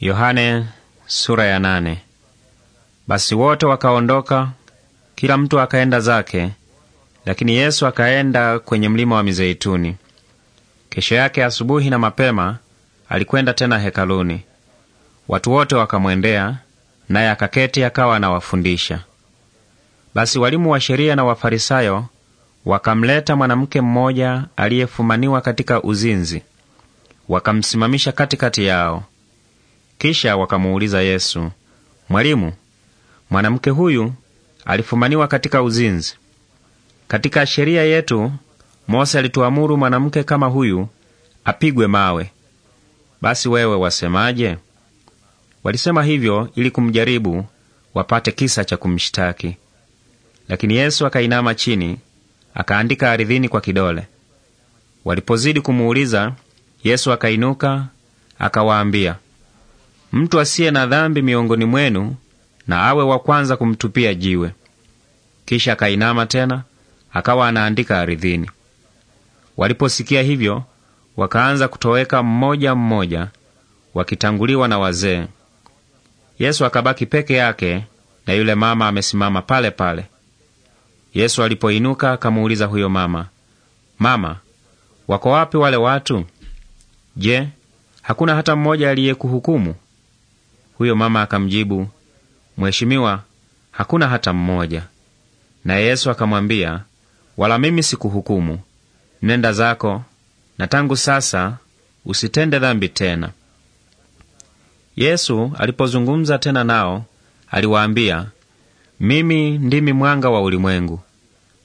Yohane, sura ya nane. Basi wote wakaondoka kila mtu akaenda zake, lakini Yesu akaenda kwenye mlima wa Mizeituni. Kesho yake asubuhi na mapema alikwenda tena hekaluni, watu wote wakamwendea, naye akaketi akawa anawafundisha. Basi walimu wa sheria na Wafarisayo wakamleta mwanamke mmoja aliyefumaniwa katika uzinzi, wakamsimamisha katikati yao. Kisha wakamuuliza Yesu, Mwalimu, mwanamke huyu alifumaniwa katika uzinzi. Katika sheria yetu Mose alituamuru mwanamke kama huyu apigwe mawe. Basi wewe wasemaje? Walisema hivyo ili kumjaribu, wapate kisa cha kumshtaki. Lakini Yesu akainama chini, akaandika aridhini kwa kidole. Walipozidi kumuuliza, Yesu akainuka, akawaambia, Mtu asiye na dhambi miongoni mwenu na awe wa kwanza kumtupia jiwe. Kisha akainama tena akawa anaandika aridhini. Waliposikia hivyo, wakaanza kutoweka mmoja mmoja, wakitanguliwa na wazee. Yesu akabaki peke yake na yule mama amesimama pale pale. Yesu alipoinuka akamuuliza huyo mama, Mama, wako wapi wale watu? Je, hakuna hata mmoja aliyekuhukumu? Huyo mama akamjibu, Mheshimiwa, hakuna hata mmoja. Naye Yesu akamwambia, wala mimi sikuhukumu. Nenda zako, na tangu sasa usitende dhambi tena. Yesu alipozungumza tena nao, aliwaambia, mimi ndimi mwanga wa ulimwengu.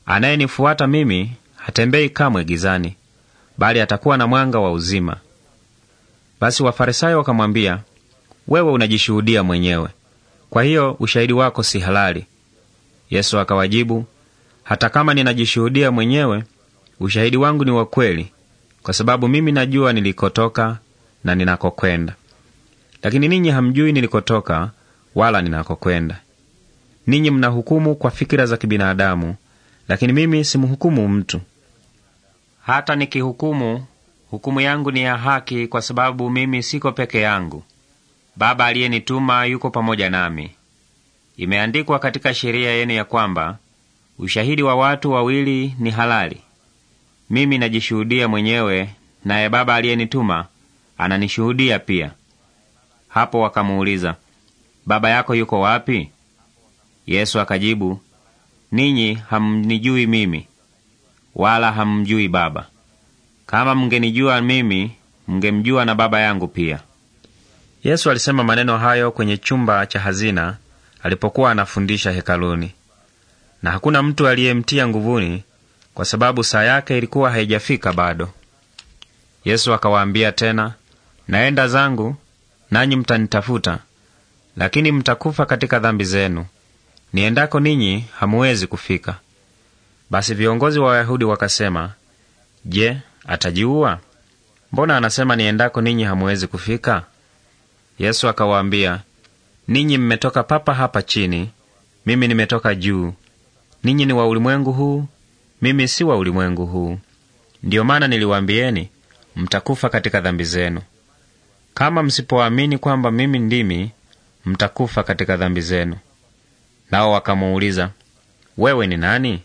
Anayenifuata mimi hatembei kamwe gizani, bali atakuwa na mwanga wa uzima. Basi Wafarisayo wakamwambia, wewe unajishuhudia mwenyewe, kwa hiyo ushahidi wako si halali. Yesu akawajibu, hata kama ninajishuhudia mwenyewe, ushahidi wangu ni wa kweli, kwa sababu mimi najua nilikotoka na ninakokwenda, lakini ninyi hamjui nilikotoka wala ninakokwenda. Ninyi mnahukumu kwa fikira za kibinadamu, lakini mimi simhukumu mtu. Hata nikihukumu, hukumu yangu ni ya haki, kwa sababu mimi siko peke yangu, Baba aliyenituma yuko pamoja nami. Imeandikwa katika sheria yenu ya kwamba ushahidi wa watu wawili ni halali. Mimi najishuhudia mwenyewe, naye Baba aliyenituma ananishuhudia pia. Hapo wakamuuliza, baba yako yuko wapi? Yesu akajibu, ninyi hamnijui mimi wala hammjui Baba. Kama mngenijua mimi, mngemjua na Baba yangu pia. Yesu alisema maneno hayo kwenye chumba cha hazina alipokuwa anafundisha hekaluni, na hakuna mtu aliyemtia nguvuni, kwa sababu saa yake ilikuwa haijafika bado. Yesu akawaambia tena, naenda zangu, nanyi mtanitafuta, lakini mtakufa katika dhambi zenu. Niendako ninyi hamuwezi kufika. Basi viongozi wa Wayahudi wakasema, Je, atajiua? Mbona anasema niendako ninyi hamuwezi kufika? Yesu akawaambia, ninyi mmetoka papa hapa chini, mimi nimetoka juu. Ninyi ni wa ulimwengu huu, mimi si wa ulimwengu huu. Ndiyo maana niliwaambieni mtakufa katika dhambi zenu. Kama msipoamini kwamba mimi ndimi, mtakufa katika dhambi zenu. Nao wakamuuliza, wewe ni nani?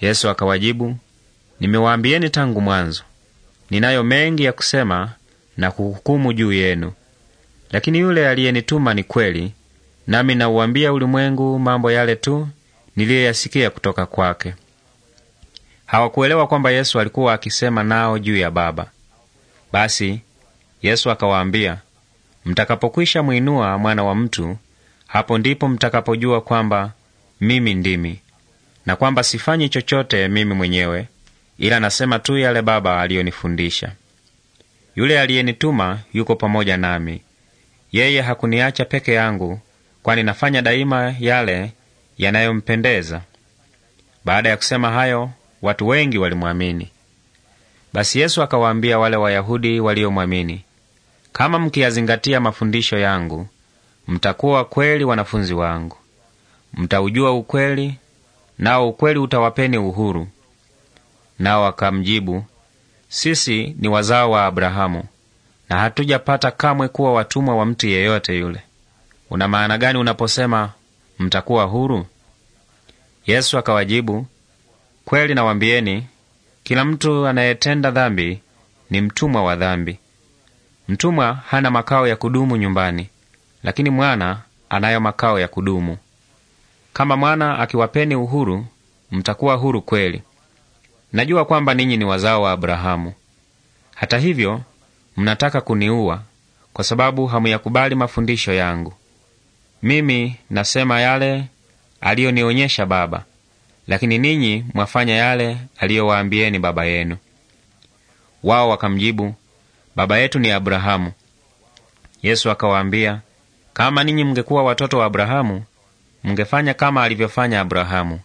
Yesu akawajibu, nimewaambieni tangu mwanzo. Ninayo mengi ya kusema na kuhukumu juu yenu, lakini yule aliyenituma ni kweli, nami nauambia ulimwengu mambo yale tu niliyoyasikia kutoka kwake. Hawakuelewa kwamba Yesu alikuwa akisema nao juu ya Baba. Basi Yesu akawaambia, mtakapokwisha mwinua mwana wa mtu, hapo ndipo mtakapojua kwamba mimi ndimi, na kwamba sifanyi chochote mimi mwenyewe, ila nasema tu yale Baba aliyonifundisha. Yule aliyenituma yuko pamoja nami, yeye hakuniacha peke yangu, kwani nafanya daima yale yanayompendeza. Baada ya kusema hayo, watu wengi walimwamini. Basi Yesu akawaambia wale Wayahudi waliomwamini, kama mkiyazingatia mafundisho yangu, mtakuwa kweli wanafunzi wangu, mtaujua ukweli, nao ukweli utawapeni uhuru. Nao akamjibu, sisi ni wazao wa Abrahamu na hatujapata kamwe kuwa watumwa wa mtu yeyote yule. Una maana gani unaposema mtakuwa huru? Yesu akawajibu, kweli nawambieni, kila mtu anayetenda dhambi ni mtumwa wa dhambi. Mtumwa hana makao ya kudumu nyumbani, lakini mwana anayo makao ya kudumu. Kama mwana akiwapeni uhuru, mtakuwa huru kweli. Najua kwamba ninyi ni wazao wa Abrahamu. Hata hivyo mnataka kuniua kwa sababu hamuyakubali mafundisho yangu. Mimi nasema yale aliyonionyesha Baba, lakini ninyi mwafanya yale aliyowaambieni baba yenu. Wao wakamjibu, baba yetu ni Abrahamu. Yesu akawaambia, kama ninyi mngekuwa watoto wa Abrahamu, mngefanya kama alivyofanya Abrahamu.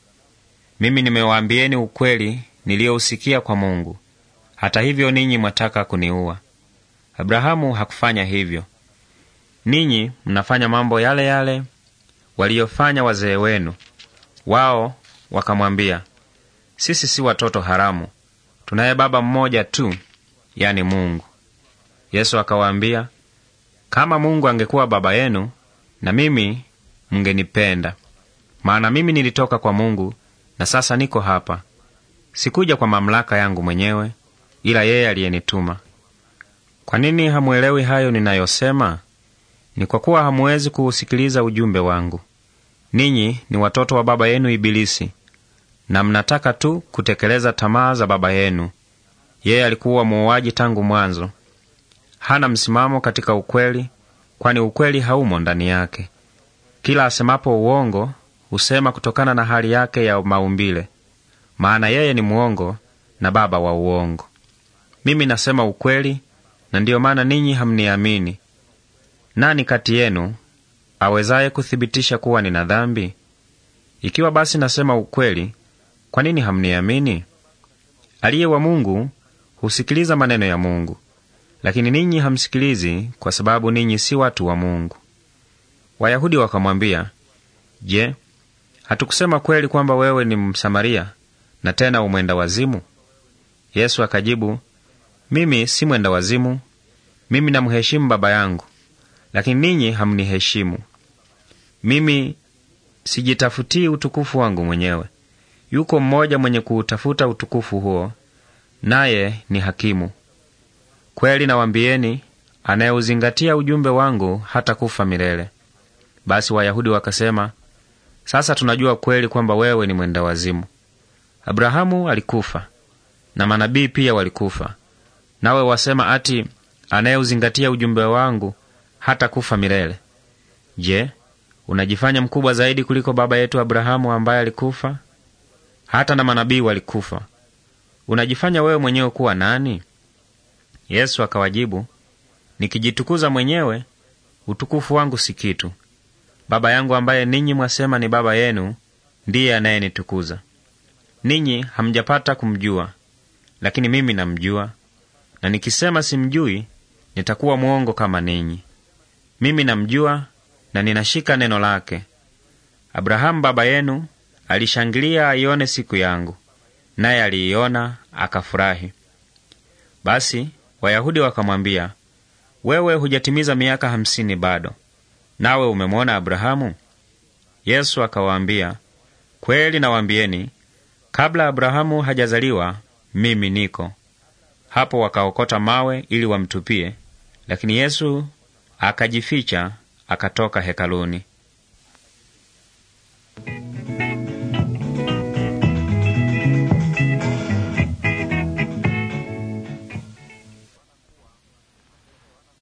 Mimi nimewaambieni ukweli niliyousikia kwa Mungu. Hata hivyo ninyi mwataka kuniua. Abrahamu hakufanya hivyo. Ninyi mnafanya mambo yale yale waliyofanya wazee wenu. Wao wakamwambia, sisi si watoto haramu, tunaye baba mmoja tu, yani Mungu. Yesu akawaambia, kama Mungu angekuwa baba yenu, na mimi mngenipenda, maana mimi nilitoka kwa Mungu na sasa niko hapa. Sikuja kwa mamlaka yangu mwenyewe, ila yeye aliyenituma. Kwa nini hamwelewi hayo ninayosema? Ni kwa kuwa hamuwezi kuusikiliza ujumbe wangu. Ninyi ni watoto wa baba yenu Ibilisi, na mnataka tu kutekeleza tamaa za baba yenu. Yeye alikuwa muuaji tangu mwanzo, hana msimamo katika ukweli, kwani ukweli haumo ndani yake. Kila asemapo uongo husema kutokana na hali yake ya maumbile, maana yeye ni mwongo na baba wa uongo. Mimi nasema ukweli, na ndiyo maana ninyi hamniamini. Nani kati yenu awezaye kuthibitisha kuwa nina dhambi? Ikiwa basi nasema ukweli, kwa nini hamniamini? Aliye wa Mungu husikiliza maneno ya Mungu, lakini ninyi hamsikilizi, kwa sababu ninyi si watu wa Mungu. Wayahudi wakamwambia, Je, hatukusema kweli kwamba wewe ni Msamaria na tena umwenda wazimu? Yesu akajibu, mimi si mwenda wazimu, mimi namheshimu Baba yangu, lakini ninyi hamniheshimu. Mimi sijitafutii utukufu wangu mwenyewe, yuko mmoja mwenye kuutafuta utukufu huo, naye ni hakimu. Kweli nawambieni, anayeuzingatia ujumbe wangu hata kufa milele. Basi Wayahudi wakasema, sasa tunajua kweli kwamba wewe ni mwenda wazimu. Abrahamu alikufa na manabii pia walikufa nawe wasema ati anayeuzingatia ujumbe wangu hata kufa milele. Je, unajifanya mkubwa zaidi kuliko baba yetu Abrahamu ambaye alikufa? Hata na manabii walikufa. Unajifanya wewe mwenyewe kuwa nani? Yesu akawajibu, nikijitukuza mwenyewe, utukufu wangu si kitu. Baba yangu ambaye ninyi mwasema ni baba yenu ndiye anayenitukuza. Ninyi hamjapata kumjua, lakini mimi namjua, na nikisema simjui, nitakuwa mwongo kama ninyi. Mimi namjua na ninashika neno lake. Abrahamu baba yenu alishangilia aione siku yangu, naye aliiona akafurahi. Basi Wayahudi wakamwambia, wewe hujatimiza miaka hamsini bado, nawe umemwona Abrahamu? Yesu akawaambia, kweli nawaambieni, kabla Abrahamu hajazaliwa mimi niko. Hapo wakaokota mawe ili wamtupie, lakini Yesu akajificha akatoka hekaluni.